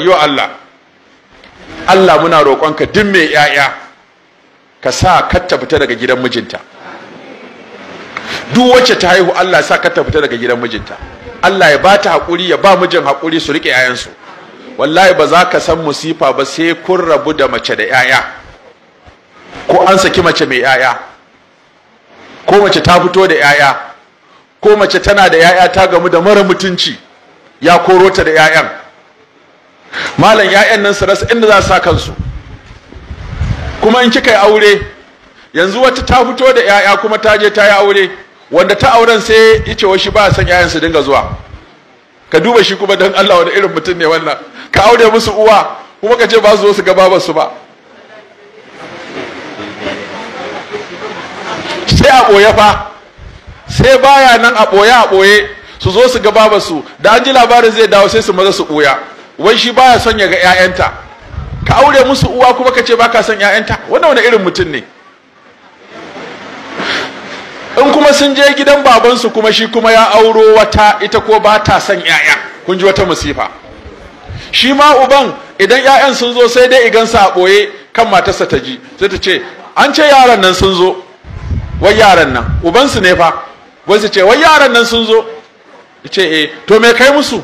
yo Allah Allah muna roƙonka duk mai yaya ka sa katta fita daga gidan mijinta duk wacce ta haihu Allah sa katta fita daga gidan mijinta Allah ya ba ta haƙuri ya ba mijin haƙuri su riƙe 'ya'yansu wallahi ba za ka san musifa ba sai kun rabu da mace da 'ya'ya ko an saki mace mai 'ya'ya ko mace ta fito da 'ya'ya ko mace tana da 'ya'ya ta gamu da mara mutunci ya koro ta da 'ya'yan malam ya'yan nan su rasa inda za su sa kansu kuma in kika yi aure yanzu wata ta fito da 'ya'ya kuma ta je ta yi aure wanda ta auren sai ya ce shi ba san 'ya'yan su dinga zuwa ka duba shi kuma dan Allah wani irin mutum ne wannan ka aure musu uwa kuma ka ce ba su zo su ga su ba sai a ɓoye fa sai baya nan a ɓoye a ɓoye su zo su ga babar su da an ji labarin zai dawo sai su maza su ɓoya wai shi baya son ya ga 'ya'yanta ka aure musu uwa kuma ka ce ba ka son 'ya'yanta wanda wani irin mutum ne in kuma sun je gidan babansu kuma shi kuma ya auro wata ita ko ba ta son 'ya'ya kun ji wata masifa. shi ma uban idan 'ya'yan sun zo sai dai igansa a ɓoye kan matarsa ta ji sai ta ce an ce yaran nan sun zo wai yaran nan ubansu ne fa wai su ce wai yaran nan sun zo ce eh to me kai musu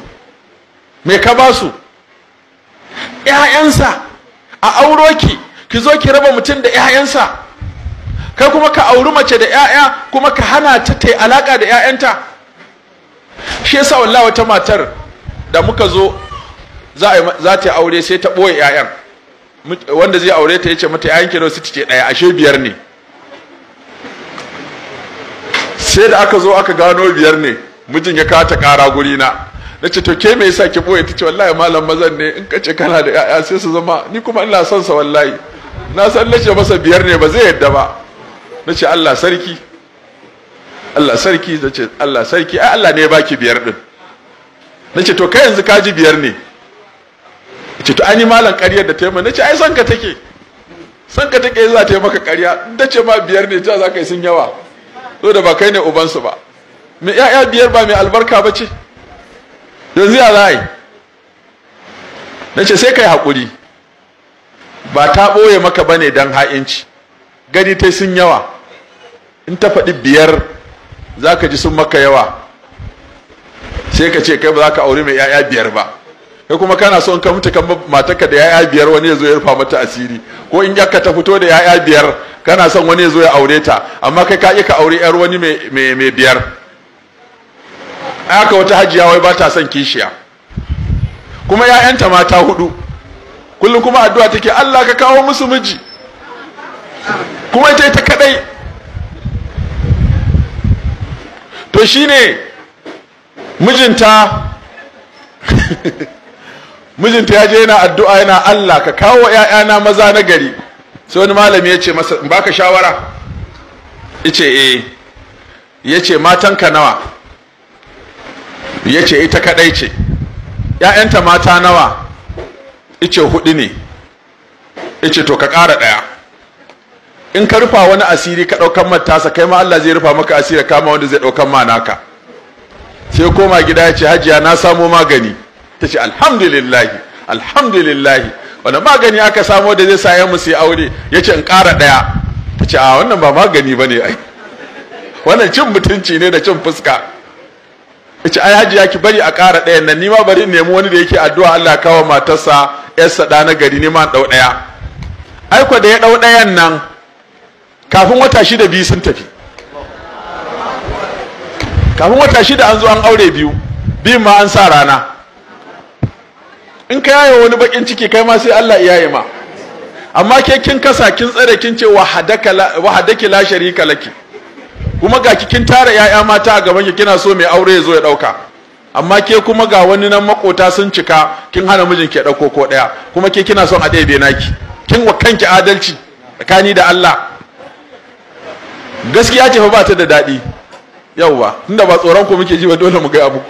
me ka ba su 'ya'yansa a auro ki ki zo ki raba mutum da 'ya'yansa kai kuma ka auri mace da 'ya'ya kuma ka hana ta ta alaƙa da 'ya'yanta shi yasa wallah wata matar da muka zo za ta aure sai ta ɓoye 'ya'yan wanda zai aure ta yace mata 'ya'yan ki nawa su ce ɗaya ashe biyar ne sai da aka zo aka gano biyar ne mijin ya kata ta ƙara guri na na ce to ke me yasa ki boye tace wallahi malam mazan ne in kace kana da yaya sai su zama ni kuma ina son sa wallahi na san nace masa biyar ne ba zai yadda ba na ce Allah sarki Allah sarki ce Allah sarki ai Allah ne ya baki biyar din na ce to kai yanzu kaji biyar ne ce to ani malam ƙaryar da ta yi mana nace ai son ka take son ka take za ta yi maka ƙarya da ce ma biyar ne ta za ka yi sun yawa so da ba kai ne ubansu ba me ya'ya biyar ba mai albarka ba ce yanzu ya za yi na ce sai kai yi haƙuri ba ta ɓoye maka ba ne don ha'inci gani ta sun yawa in ta faɗi biyar za ka ji sun maka yawa sai ka ce kai ba za ka aure mai 'ya'ya biyar ba kai kuma kana so in ka mutu kan matarka da 'ya'ya biyar wani ya zo ya rufa mata asiri ko in yakka ta fito da 'ya'ya biyar kana son wani ya zo ya aure ta amma kai ka ka aure 'yar wani mai biyar haka wata hajiya wai ba ta son kishiya kuma ‘ya'yanta mata hudu kullum kuma addu'a take Allah ka kawo musu miji kuma ita ita kadai to shine mijinta mijinta ya je yana addu'a yana Allah ka kawo ‘ya'yana maza na gari sai wani malami ya ce masa baka shawara ya ce eh ya matanka nawa ya ce ita kaɗai ce ‘ya'yanta mata nawa ice hudu ne ice to ka ƙara ɗaya in ka rufa wani asiri ka ɗaukan matasa kai ma Allah zai rufa maka asiri kama wanda zai ɗaukan ma naka sai koma gida ya ce hajiya na samo magani ta ce alhamdulillahi alhamdulillahi wani magani aka samo da zai sa ya musu aure ya ce in ƙara ɗaya ta ce a wannan ba magani ba ne ai wannan cin mutunci ne da cin fuska ce ai hajiya ki bari a ƙara ɗayan nan ni ma bari in nemi wani da yake addu'a Allah kawo matarsa yarsa ɗa na gari ni ma ɗau ɗaya ai ko da ya ɗau ɗayan nan kafin wata shida biyu sun tafi kafin wata shida an zo an aure biyu biyun ma an sa rana in ka yaye wani bakin ciki kai ma sai Allah ya yi ma amma ke kin kasa kin tsare kin ce wahadaki la sharika laki kuma ga kikin tara yaya mata a gaban ki kina so mai aure ya zo ya dauka amma ke kuma ga wani nan makota sun cika kin hana mijin ya dauko ko daya kuma ke kina son a ɗebe naki kin wa kanki adalci tsakani da Allah gaskiya ce fa ba ta da daɗi yauwa tunda ba tsoron ku muke ji ba dole mu ga abu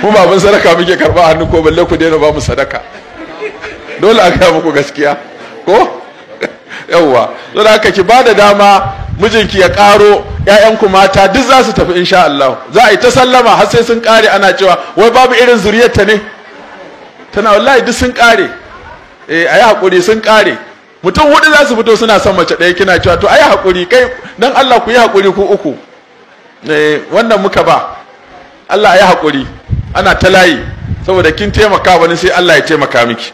ku ba abin sadaka muke karba hannu ko balle ku daina ba mu sadaka dole a gaya muku gaskiya ko yauwa don haka ki ba da dama mijinki ya karo ‘ya'yanku mata duk za su tafi insha Allah za a yi ta sallama har sai sun kare ana cewa wai babu irin zuriyarta ne tana wallahi duk sun ƙare eh ayi hakuri sun ƙare mutum hudu za su fito suna son mace ɗaya kina cewa to ayi hakuri kai dan Allah ku yi hakuri ku uku eh wannan muka ba Allah ayi hakuri ana ta layi saboda kin taimaka wani sai Allah ya taimaka miki